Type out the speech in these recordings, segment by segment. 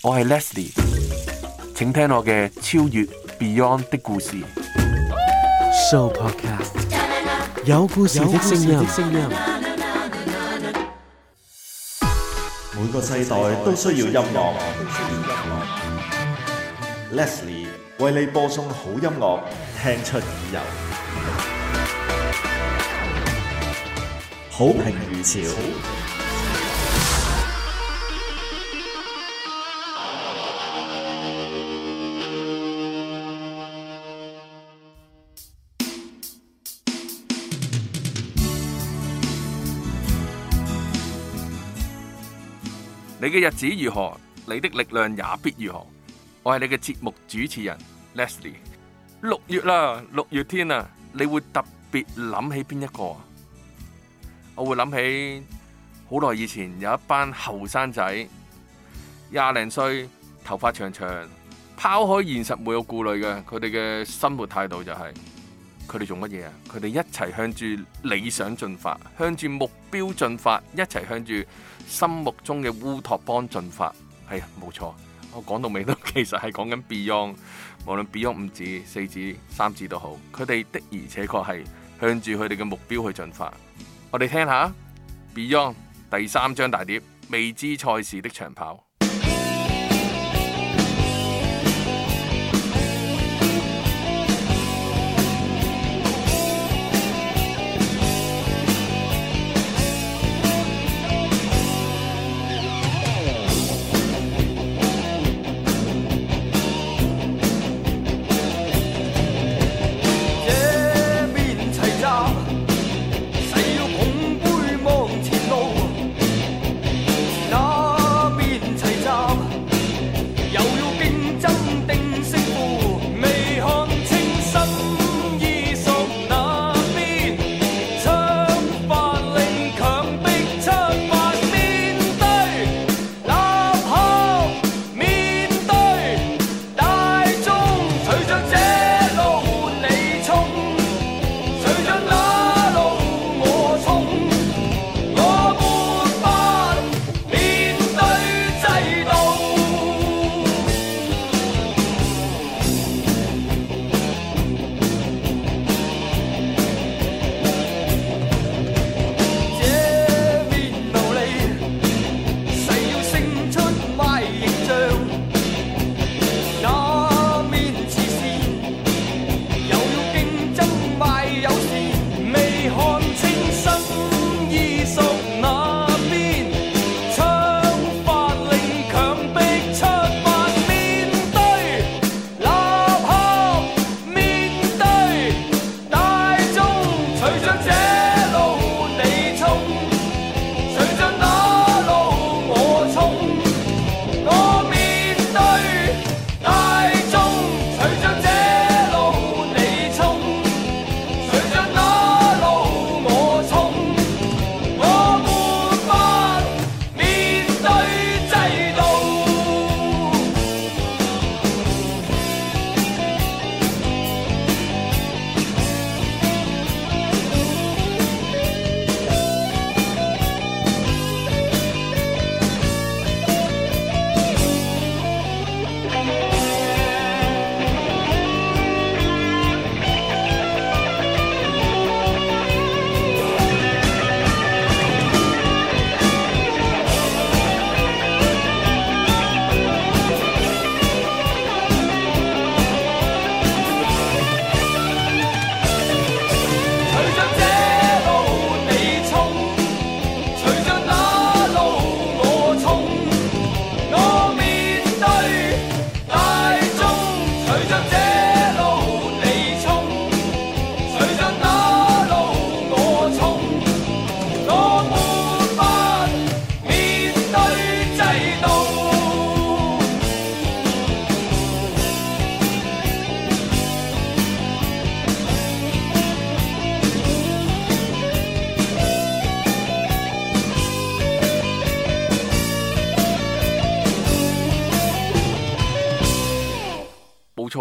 我係 Leslie，請聽我嘅超越 Beyond 的故事。Show Podcast，有故事的聲音，每個世代都需要音樂。Leslie 為你播送好音樂，聽出耳油，好評如潮。你嘅日子如何，你的力量也必如何。我係你嘅節目主持人 Leslie。六月啦，六月天啊，你會特別諗起邊一個？我會諗起好耐以前有一班後生仔，廿零歲，頭髮長長，拋開現實沒有顧慮嘅，佢哋嘅生活態度就係。佢哋做乜嘢啊？佢哋一齊向住理想進發，向住目標進發，一齊向住心目中嘅烏托邦進發。係啊，冇錯，我講到尾都其實係講緊 Beyond，無論 Beyond 五指、四指、三指都好，佢哋的而且確係向住佢哋嘅目標去進發。我哋聽下 Beyond 第三張大碟《未知賽事的長跑》。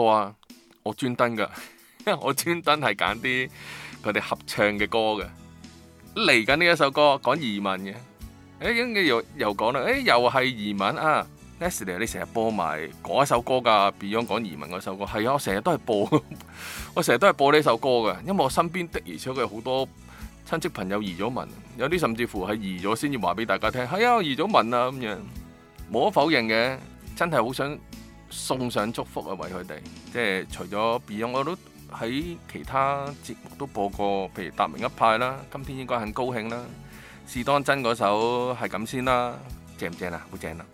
哇！我專登噶，因為我專登係揀啲佢哋合唱嘅歌嘅。嚟緊呢一首歌講移民嘅，誒咁又、哎、又講啦，誒又係移民啊！Nestle 你成日播埋嗰一首歌噶，Beyond 講移民嗰首歌，係啊，我成日都係播，我成日都係播呢首歌嘅，因為我身邊的而且確有好多親戚朋友移咗民，有啲甚至乎係移咗先至話俾大家聽，係啊，移咗民啊咁樣，冇可否認嘅，真係好想。送上祝福啊，為佢哋即係除咗 Beyond，我都喺其他節目都播過，譬如《達明一派》啦，今天應該很高興啦。是當真嗰首係咁先啦，正唔正啊？好正啊！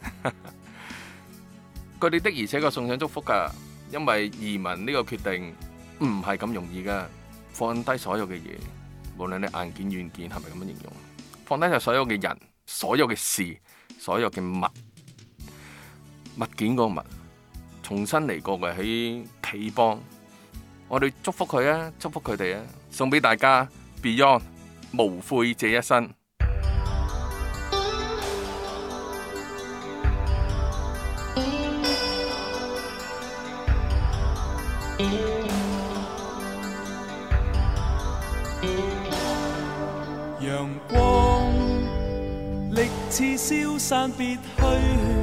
佢哋的而且確送上祝福㗎，因為移民呢個決定唔係咁容易㗎，放低所有嘅嘢，無論你硬件軟件係咪咁樣形容，放低就所有嘅人、所有嘅事、所有嘅物、物件嗰個物。重新嚟過嘅喺企幫，我哋祝福佢啊，祝福佢哋啊，送俾大家 Beyond 無悔這一生。陽光力刺消散別去。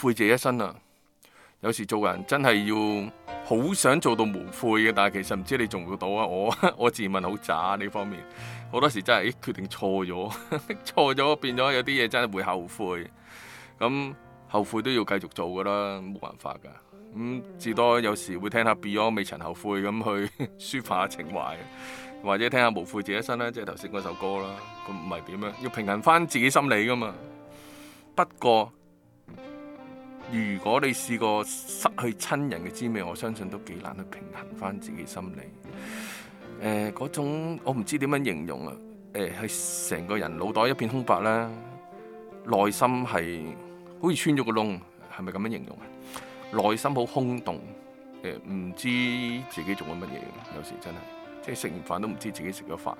悔自己一生啊！有時做人真係要好想做到無悔嘅，但係其實唔知你做唔做到啊！我我自問好渣呢方面，好多時真係、欸、決定錯咗，錯咗變咗有啲嘢真係會後悔。咁後悔都要繼續做噶啦，冇辦法噶。咁至多有時會聽下 Beyond 未曾後悔咁去抒發下情懷，或者聽下無悔自己一生啦，即係頭先嗰首歌啦。咁唔係點樣？要平衡翻自己心理噶嘛。不過。如果你試過失去親人嘅滋味，我相信都幾難去平衡翻自己心理。誒、呃，嗰種我唔知點樣形容啊！誒、呃，係成個人腦袋一片空白啦，內心係好似穿咗個窿，係咪咁樣形容啊？內心好空洞，誒、呃，唔知自己做緊乜嘢，有時真係，即係食完飯都唔知自己食咗飯。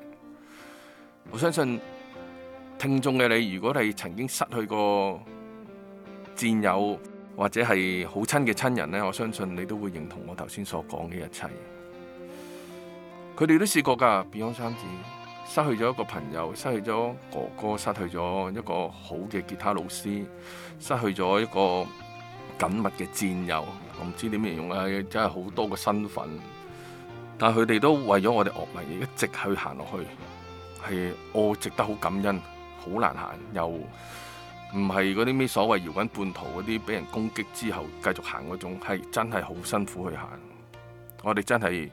我相信聽眾嘅你，如果你曾經失去過戰友，或者係好親嘅親人呢，我相信你都會認同我頭先所講嘅一切。佢哋都試過㗎，Beyond 三子失去咗一個朋友，失去咗哥哥，失去咗一個好嘅吉他老師，失去咗一個緊密嘅戰友。我唔知點形容啊，真係好多個身份。但係佢哋都為咗我哋樂迷一直去行落去，係我值得好感恩，好難行又。唔係嗰啲咩所謂搖滾半途嗰啲，俾人攻擊之後繼續行嗰種，係真係好辛苦去行。我哋真係，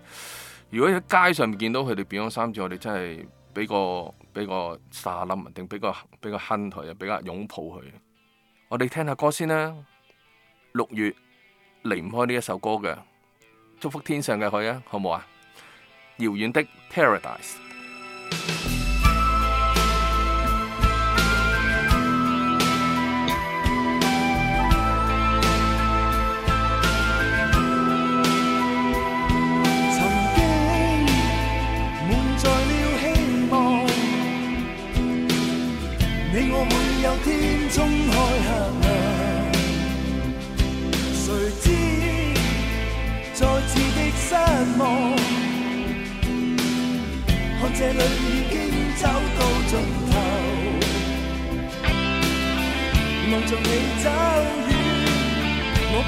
如果喺街上面見到佢哋變咗三次，我哋真係俾個俾個沙冧啊，定俾個俾個坑佢，又比較擁抱佢。我哋聽下歌先啦，六月離唔開呢一首歌嘅，祝福天上嘅佢啊，好唔好啊？遙遠的 Paradise。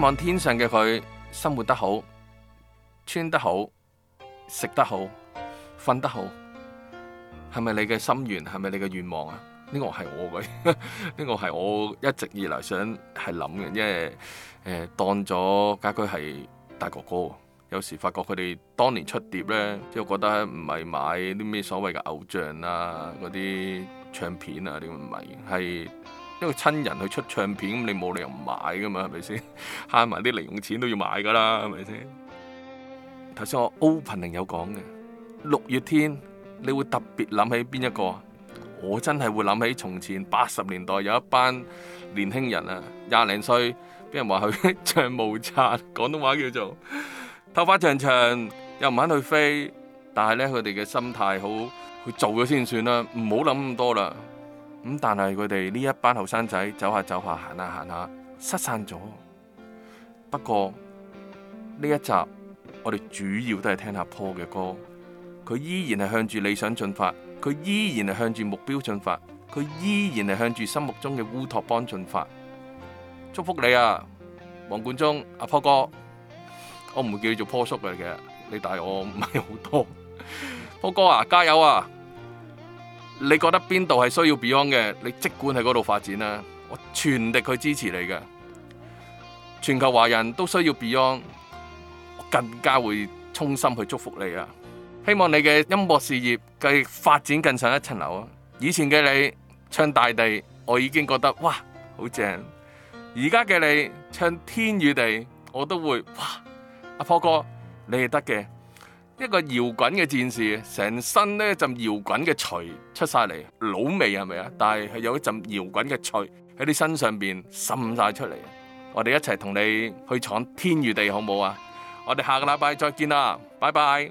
希望天上嘅佢生活得好，穿得好，食得好，瞓得好，係咪你嘅心願？係咪你嘅願望啊？呢個係我嘅，呢個係我一直以嚟想係諗嘅，因為誒、呃、當咗，家駒係大哥哥，有時發覺佢哋當年出碟咧，即係覺得唔係買啲咩所謂嘅偶像啊，嗰啲唱片啊，點樣咪係？因為親人去出唱片，你冇理由唔買噶嘛？係咪先慳埋啲零用錢都要買噶啦？係咪先？頭先我 opening 有講嘅，六月天你會特別諗起邊一個？我真係會諗起從前八十年代有一班年輕人啊，廿零歲，俾人話佢長毛賊，廣東話叫做頭髮長長，又唔肯去飛，但係咧佢哋嘅心態好，佢做咗先算啦，唔好諗咁多啦。咁但係佢哋呢一班後生仔，走下走下，行下行下，失散咗。不過呢一集我哋主要都係聽下坡嘅歌，佢依然係向住理想進發，佢依然係向住目標進發，佢依然係向住心目中嘅烏托邦進發。祝福你啊，王冠中阿，啊、坡哥，我唔會叫你做坡叔嘅，其實你大我唔係好多。坡哥啊，加油啊！你覺得邊度係需要 Beyond 嘅，你即管喺嗰度發展啦，我全力去支持你嘅。全球華人都需要 Beyond，我更加會衷心去祝福你。希望你嘅音樂事業繼續發展，更上一層樓。以前嘅你唱大地，我已經覺得哇，好正，而家嘅你唱天與地，我都會哇！阿波哥，你係得嘅。一個搖滾嘅戰士，成身咧一陣搖滾嘅錘出晒嚟，老味係咪啊？但係係有一陣搖滾嘅錘喺你身上邊滲晒出嚟，我哋一齊同你去闖天與地，好唔好啊？我哋下個禮拜再見啦，拜拜。